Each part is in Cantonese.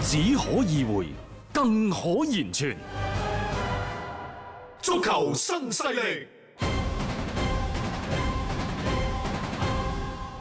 只可意會，更可言傳，足球新勢力。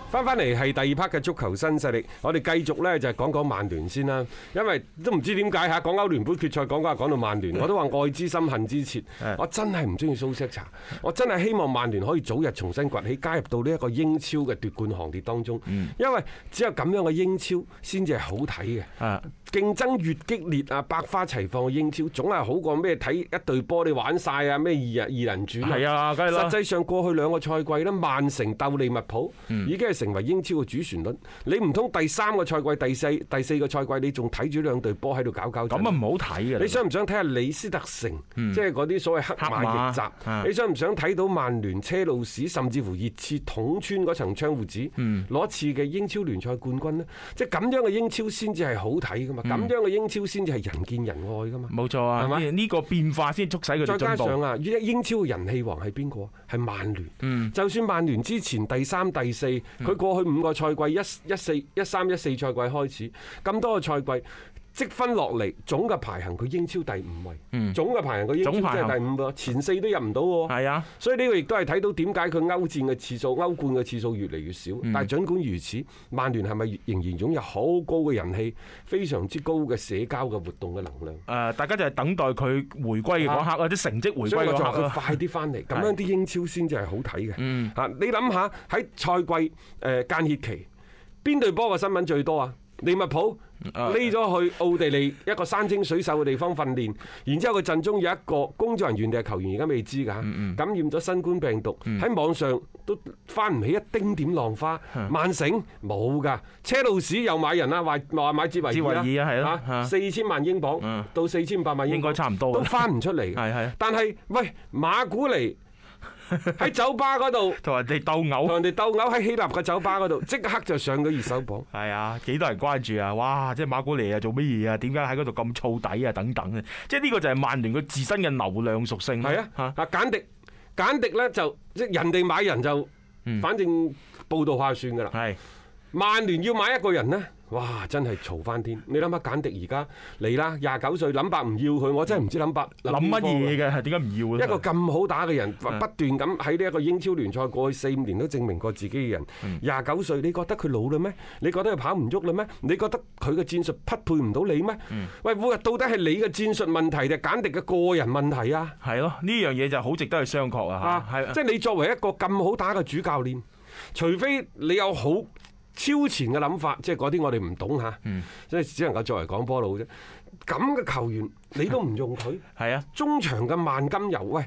翻翻嚟係第二 part 嘅足球新勢力，我哋繼續咧就係講講曼聯先啦。因為都唔知點解嚇講歐聯杯決賽，講講下講到曼聯，我都話愛之深恨之切。的我真係唔中意蘇斯查，我真係希望曼聯可以早日重新崛起，加入到呢一個英超嘅奪冠行列當中。因為只有咁樣嘅英超先至係好睇嘅。競爭越激烈啊，百花齊放嘅英超總係好過咩？睇一對波你玩晒啊！咩二人二人轉啊？係啊，梗係啦。實際上過去兩個賽季咧，曼城鬥利物浦已經係。成為英超嘅主旋律，你唔通第三個賽季、第四、第四個賽季你搗搗，你仲睇住兩隊波喺度搞搞？咁啊唔好睇啊！你想唔想睇下李斯特城？嗯、即係嗰啲所謂黑馬逆襲？話你想唔想睇到曼聯、車路士，甚至乎熱刺捅穿嗰層窗戶紙，攞、嗯、次嘅英超聯賽冠軍咧？即係咁樣嘅英超先至係好睇噶嘛？咁、嗯、樣嘅英超先至係人見人愛噶嘛？冇錯啊，係咪？呢個變化先促使佢。再加上啊，英超嘅人氣王係邊個？係曼聯、嗯。就算曼聯之前第三、第四。嗯佢過去五個賽季，一、一四、一三、一四賽季開始，咁多個賽季。積分落嚟，總嘅排行佢英超第五位，總嘅排行佢英超即係第五喎，前四都入唔到喎。係啊的，所以呢個亦都係睇到點解佢歐戰嘅次數、歐冠嘅次數越嚟越少。但係儘管如此，曼聯係咪仍然擁有好高嘅人氣，非常之高嘅社交嘅活動嘅能量？誒，大家就係等待佢回歸嘅嗰刻啊！啲的成績回歸，所以我話佢快啲翻嚟，咁的樣啲英超先至係好睇嘅。嚇、嗯啊，你諗下喺賽季誒、呃、間歇期，邊隊波嘅新聞最多啊？利物浦匿咗去奧地利一個山清水秀嘅地方訓練，然之後佢陣中有一個工作人員定係球員而家未知㗎，感染咗新冠病毒喺、嗯、網上都翻唔起一丁點浪花。曼城冇㗎，車路士又買人啦，話話買哲維爾，哲維爾啊，係啦，四千萬英鎊的到四千八萬英鎊，應該差唔多都翻唔出嚟。係係，但係喂馬古尼。喺 酒吧嗰度同人哋鬥毆，同人哋鬥毆喺希臘嘅酒吧嗰度，即刻就上咗熱搜榜。係 啊，幾多人關注啊？哇！即係馬古尼啊，做乜嘢啊？點解喺嗰度咁燥底啊？等等啊！即係呢個就係曼聯佢自身嘅流量屬性。係啊，啊，啊簡迪，簡迪咧就即係人哋買人就，嗯、反正報道下算噶啦。係是，曼聯要買一個人咧。哇！真係嘈翻天！你諗下簡迪而家嚟啦，廿九歲，林伯唔要佢，我真係唔知林伯諗乜嘢嘅，點解唔要咧？一個咁好打嘅人，不斷咁喺呢一個英超聯賽過去四五年都證明過自己嘅人，廿九歲，你覺得佢老嘞咩？你覺得佢跑唔喐嘞咩？你覺得佢嘅戰術匹配唔到你咩？喂，到底係你嘅戰術問題定簡迪嘅個人問題啊？係咯，呢樣嘢就好值得去商榷啊！嚇，係，即係你作為一個咁好打嘅主教練，除非你有好。超前嘅諗法，即係嗰啲我哋唔懂吓，即係、嗯、只能夠作為講波佬啫。咁嘅球員你都唔用佢，係 啊，中場嘅萬金油，喂，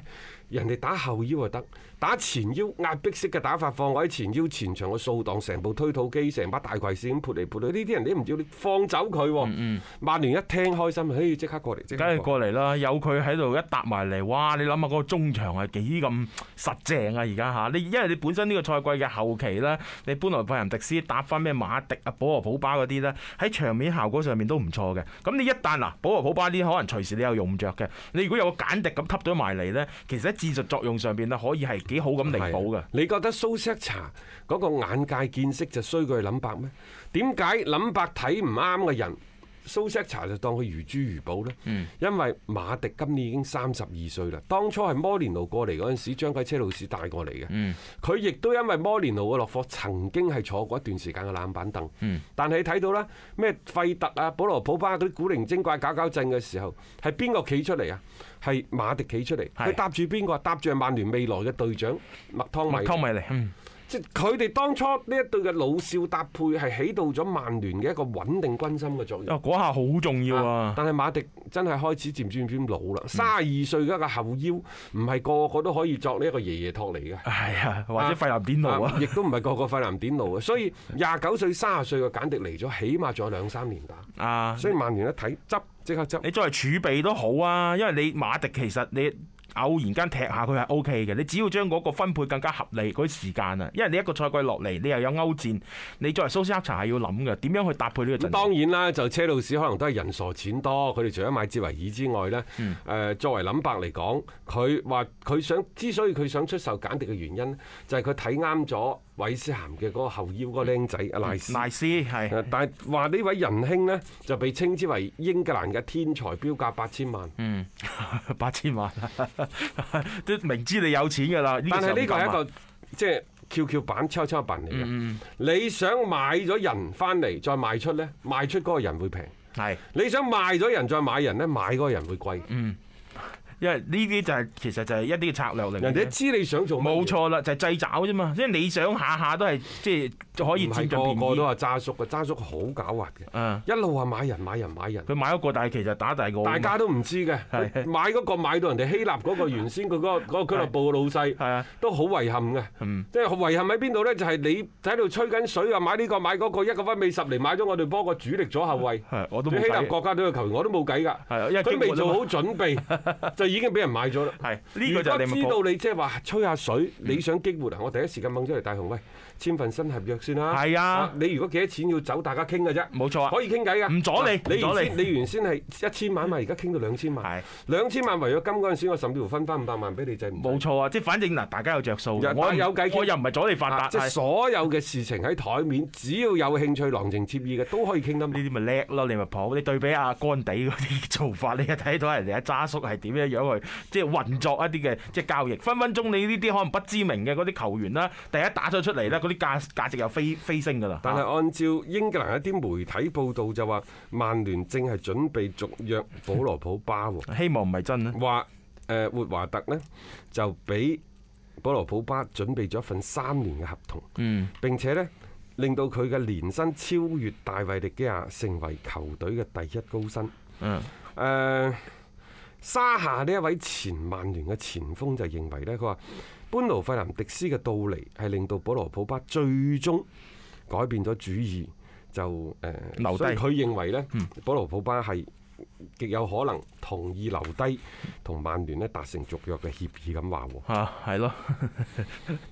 人哋打後腰就得。打前腰壓迫式嘅打法，放喺前腰前場嘅掃蕩，成部推土機，成把大葵扇咁潑嚟潑去。呢啲人你唔知，你放走佢。曼、嗯嗯、聯一聽開心，嘿、哎，即刻過嚟。梗係過嚟啦，有佢喺度一搭埋嚟，哇！你諗下嗰個中場係幾咁實淨啊？而家嚇，你因為你本身呢個賽季嘅後期啦，你搬來費蘭迪，迪斯搭翻咩馬迪啊、保羅普巴嗰啲咧，喺場面效果上面都唔錯嘅。咁你一旦嗱，保羅普巴呢啲可能隨時你有用唔著嘅。你如果有個簡迪咁吸咗埋嚟咧，其實喺戰術作用上邊咧可以係。幾好咁彌補噶？你覺得蘇錫茶個眼界見識就衰過佢諗白咩？點解諗白睇唔啱嘅人？蘇塞查就當佢如珠如寶啦，嗯、因為馬迪今年已經三十二歲啦。當初係摩連奴過嚟嗰陣時，將佢車路士帶過嚟嘅，佢亦都因為摩連奴嘅落課，曾經係坐過一段時間嘅冷板凳。嗯、但係你睇到啦，咩費特啊、保羅普巴嗰啲古靈精怪搞搞震嘅時候，係邊個企出嚟啊？係馬迪企出嚟，佢搭住邊個？搭住係曼聯未來嘅隊長麥湯米。即佢哋當初呢一對嘅老少搭配係起到咗曼聯嘅一個穩定軍心嘅作用。哦、啊，嗰下好重要啊！啊但係馬迪真係開始漸漸漸，漸老啦，三十二歲嘅一個後腰唔係個，個個都可以作呢一個爺爺托嚟嘅。係啊、哎，或者費南典奴啊？亦、啊啊、都唔係個個費南典奴啊！ 所以廿九歲、三十歲嘅簡迪嚟咗，起碼仲有兩三年打。啊！所以曼聯一睇執即刻執。你作為儲備都好啊，因為你馬迪其實你。偶然間踢下佢係 O K 嘅，你只要將嗰個分配更加合理嗰啲時間啊，因為你一個賽季落嚟，你又有歐戰，你作為蘇斯克查係要諗嘅，點樣去搭配呢個陣容？當然啦，就車路士可能都係人傻錢多，佢哋除咗買芝維爾之外呢，誒、嗯，作為林柏嚟講，佢話佢想之所以佢想出售簡迪嘅原因，就係佢睇啱咗。韋斯咸嘅嗰個後腰嗰個靚仔阿賴斯，賴斯係，L ais, 是但係話呢位仁兄咧就被稱之為英格蘭嘅天才，標價八千萬、嗯、八千萬，嗯，八千萬都明知你有錢㗎啦。這個、但係呢個係一個即係蹺蹺板、抽抽棒嚟嘅。你想買咗人翻嚟再賣出咧，賣出嗰個人會平；係是你想賣咗人再買人咧，買嗰個人會貴、嗯。因為呢啲就係其實就係一啲策略嚟嘅。人哋知你想做冇錯啦，就係製爪啫嘛。即係你想下下都係即係可以佔盡便宜。個個都話揸叔嘅，揸叔好狡猾嘅。嗯，一路話買人買人買人。佢買一個，但係其實打大二個。大家都唔知嘅。係買嗰個買到人哋希臘嗰個原先個嗰個嗰個俱樂部嘅老細，都好遺憾嘅。嗯，即係好遺憾喺邊度咧？就係你喺度吹緊水啊！買呢個買嗰個，一個分美十嚟買咗我哋波個主力左後衞。係我都冇計。希臘國家隊嘅球員我都冇計㗎。係因佢未做好準備已經俾人買咗啦。係，呢個就你咪報。如果知道你即係話吹下水，你想激活啊？我第一時間掹出嚟大雄，喂，簽份新合約先啦。係啊，你如果幾多錢要走，大家傾㗎啫。冇錯啊，可以傾偈㗎，唔阻你。你原先你原先係一千萬，嘛而家傾到兩千萬。係兩千萬違約金嗰陣時，我甚至乎分翻五百萬俾你就。冇錯啊，即係反正嗱，大家有著數。我有計，我又唔係阻你發達。即係所有嘅事情喺台面，只要有興趣、郎情妾意嘅，都可以傾得。呢啲咪叻咯，你咪抱。你對比下幹地嗰啲做法，你一睇到人哋阿揸叔係點樣樣。即係運作一啲嘅即係交易，分分鐘你呢啲可能不知名嘅嗰啲球員啦，第一打咗出嚟啦，嗰啲價價值又飛飛升㗎喇。但係按照英格蘭一啲媒體報道就話，曼聯正係準備續約保羅普巴喎。 希望唔係真啦。話誒、活、呃、華特呢，就俾保羅普巴準備咗一份三年嘅合同，嗯，並且呢，令到佢嘅年薪超越大衛迪基亞，成為球隊嘅第一高薪。嗯，誒、呃。沙夏呢一位前曼聯嘅前鋒就認為咧，佢話，般奴費南迪斯嘅到嚟係令到保羅普巴最終改變咗主意，就誒，呃、留低。佢認為咧，嗯、保羅普巴係。極有可能同意留低同曼聯咧達成續約嘅協議咁話喎，啊係咯，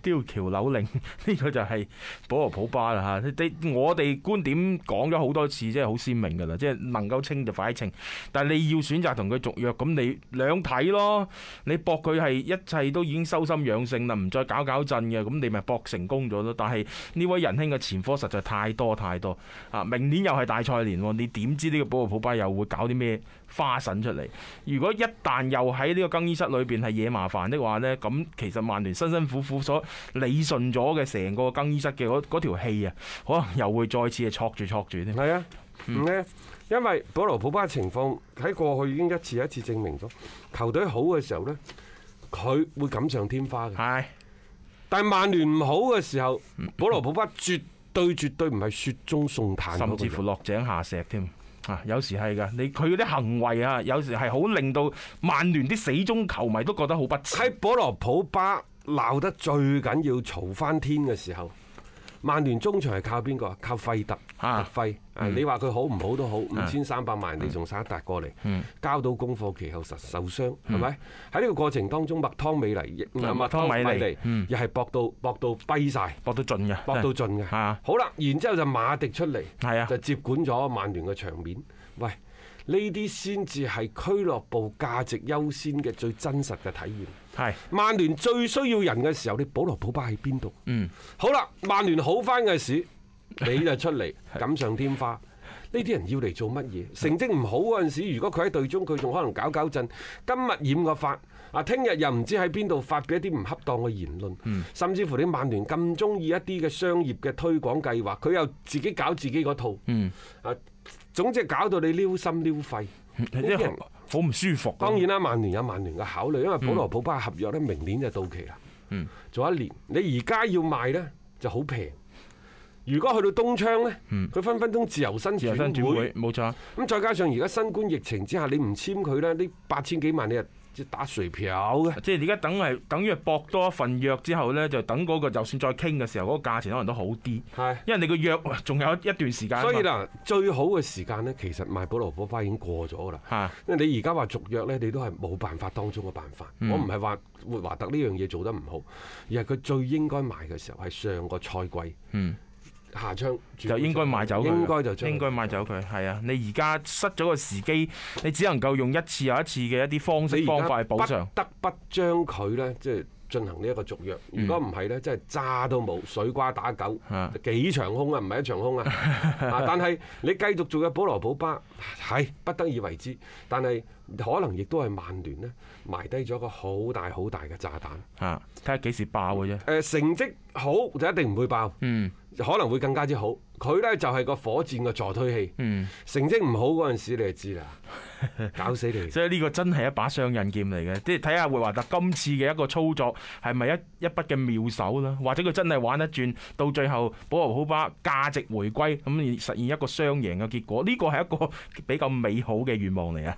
刁僑扭擰呢個就係保羅普巴啦吓，我哋觀點講咗好多次，即係好鮮明噶啦，即係能夠清就快清，但係你要選擇同佢續約咁，你兩睇咯，你搏佢係一切都已經收心養性啦，唔再搞搞震嘅，咁你咪搏成功咗咯。但係呢位仁兄嘅前科實在太多太多啊，明年又係大賽年，你點知呢個保羅普巴又會搞啲？咩花臣出嚟？如果一旦又喺呢個更衣室裏邊係惹麻煩的話呢，咁其實曼聯辛辛苦苦所理順咗嘅成個更衣室嘅嗰嗰條氣啊，可能又會再次係挫住挫住添。係啊，咁咧，因為保羅普巴嘅情況喺過去已經一次一次，一次證明咗，球隊好嘅時候呢，佢會錦上添花嘅。係，但曼聯唔好嘅時候，保羅普巴絕對絕對唔係雪中送炭，甚至乎落井下石添。啊，有時係噶，你佢嗰啲行為啊，有時係好令到曼聯啲死忠球迷都覺得好不值。喺保羅普巴鬧得最緊要嘈翻天嘅時候。曼聯中場係靠邊個？靠費特。費特、啊。你話佢好唔好都好，五千三百萬，你仲散一笪過嚟，交到功課期後實受傷，係咪、嗯？喺呢個過程當中，麥湯美尼唔係麥湯米尼，又係搏到搏到跛晒，搏到盡嘅，搏到盡嘅。好啦，然之後就馬迪出嚟，係啊就接管咗曼聯嘅場面。喂！喂呢啲先至係俱樂部價值優先嘅最真實嘅體驗。係是。曼聯最需要人嘅時候，你保羅·保巴喺邊度？嗯。好啦，曼聯好翻嘅時，你就出嚟 是錦上添花。呢啲人要嚟做乜嘢？成績唔好嗰陣時，如果佢喺隊中，佢仲可能搞搞震。今日染個髮，啊，聽日又唔知喺邊度發表一啲唔恰當嘅言論。嗯。甚至乎你曼聯咁中意一啲嘅商業嘅推廣計劃，佢又自己搞自己嗰套。嗯。啊。總之搞到你撩心撩肺，好唔、 就是，舒服。當然啦，曼聯有曼聯嘅考慮，因為保羅普巴合約咧明年就到期啦，嗯，做一年。你而家要賣咧就好平。如果去到冬窗咧，佢，嗯，分分鐘自由身轉會，冇錯。咁錯再加上而家新冠疫情之下，你唔簽佢咧，呢八千幾萬你又。打水即打水漂嘅，即係而家等係等於係搏多一份約之後咧，就等嗰、那個就算再傾嘅時候，嗰、那個價錢可能都好啲。係的，因為你個約仲有一段時間。所以啦，的最好嘅時間咧，其實賣保羅火花已經過咗噶啦。嚇的，因為你而家話續約咧，你都係冇辦法當中嘅辦法。我唔係話活華特呢樣嘢做得唔好，而係佢最應該賣嘅時候係上個賽季。的嗯。下槍就應該賣走，應該就應該賣走佢，係啊！你而家失咗個時機，你只能夠用一次又一次嘅一啲方式方法去補償，不得不將佢咧即係進行呢一個續約。如果唔係咧，真係渣都冇，水瓜打狗，幾場空啊，唔係一場空啊！ 但係你繼續做嘅保羅保巴，係不得已為之，但係。可能亦都係曼聯呢埋低咗一個好大好大嘅炸彈吓，睇下幾時爆嘅啫。誒、呃、成績好就一定唔會爆，嗯，可能會更加之好。佢呢就係、是、個火箭嘅助推器，嗯，成績唔好嗰陣時你就知啦，搞死你。 所以呢個真係一把雙刃劍嚟嘅，即係睇下霍華特今次嘅一個操作係咪一一筆嘅妙手啦，或者佢真係玩得轉到最後保羅普巴價值回歸，咁而實現一個雙贏嘅結果。呢個係一個比較美好嘅願望嚟啊！